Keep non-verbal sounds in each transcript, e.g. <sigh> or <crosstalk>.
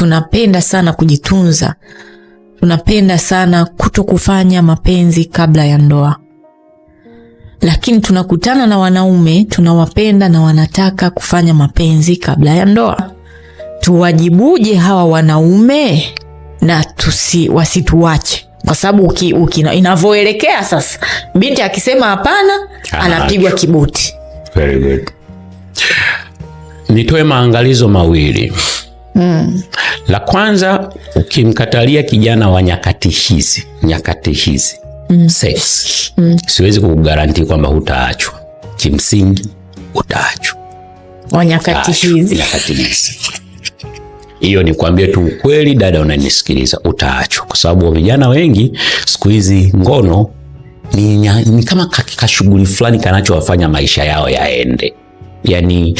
tunapenda sana kujitunza, tunapenda sana kuto kufanya mapenzi kabla ya ndoa, lakini tunakutana na wanaume tunawapenda na wanataka kufanya mapenzi kabla ya ndoa. Tuwajibuje hawa wanaume na tusi, wasituache kwa sababu uki, uki, inavyoelekea sasa, binti akisema hapana anapigwa kibuti. Very good. Nitoe maangalizo mawili. La kwanza ukimkatalia kijana wa nyakati hizi nyakati hizi mm. sex mm. siwezi kukugarantii kwamba hutaachwa. Kimsingi utaachwa wa nyakati hizi, nyakati hizi. Hiyo ni kuambia tu ukweli, dada unanisikiliza, utaachwa kwa sababu vijana wengi siku hizi ngono ni, ni kama kashughuli fulani kanachowafanya maisha yao yaende, yani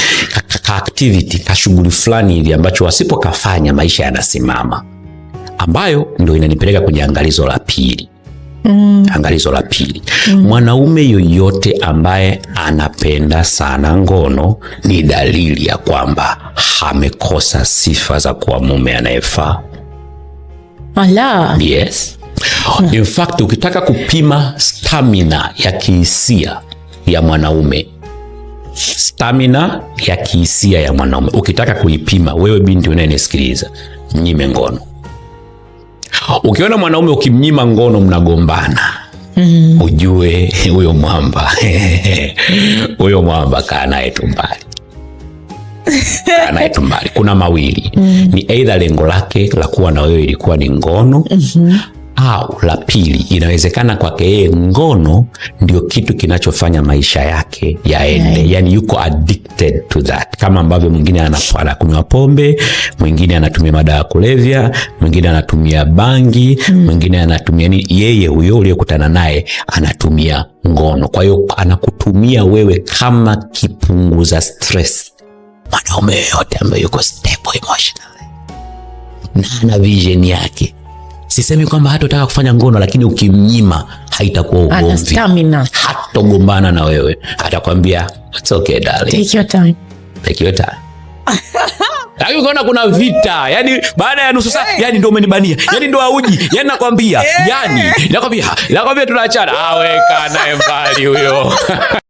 ka activity ka shughuli fulani hivi ambacho wasipokafanya maisha yanasimama, ambayo ndio inanipeleka kwenye angalizo la pili. Mm. Angalizo la pili mm. Mwanaume yoyote ambaye anapenda sana ngono ni dalili ya kwamba amekosa sifa za kuwa mume anayefaa. Ala. Yes. In fact, ukitaka kupima stamina ya kihisia ya mwanaume stamina ya kihisia ya mwanaume. Ukitaka kuipima wewe, binti unayenisikiliza, mnyime ngono. Ukiona mwanaume ukimnyima ngono mnagombana, mm ujue <laughs> huyo mwamba <laughs> huyo mwamba, kaa naye tu mbali kuna mawili mm. Ni aidha lengo lake la kuwa na wewe ilikuwa ni ngono mm -hmm au la pili, inawezekana kwake yeye ngono ndio kitu kinachofanya maisha yake yaende, yeah. Yani yuko addicted to that, kama ambavyo mwingine anakunywa pombe, mwingine anatumia madawa ya kulevya, mwingine anatumia bangi, mm. mwingine mm. anatumia nini, yeye huyo uliyokutana naye anatumia ngono. Kwa hiyo anakutumia wewe kama kipunguza stress. Mwanaume yoyote ambaye yuko stable emotionally na ana vision yake Sisemi kwamba hatataka kufanya ngono, lakini ukimnyima haitakuwa ugomvi, hatogombana na wewe, atakwambia it's okay darling, take your time, take your time. Lakini ukaona kuna vita, yani baada ya nusu saa, yani ndio umenibania, yani ndio auji, yani nakwambia, yani nakwambia, nakwambia tunaachana. Aweka ah, naye mbali huyo <laughs>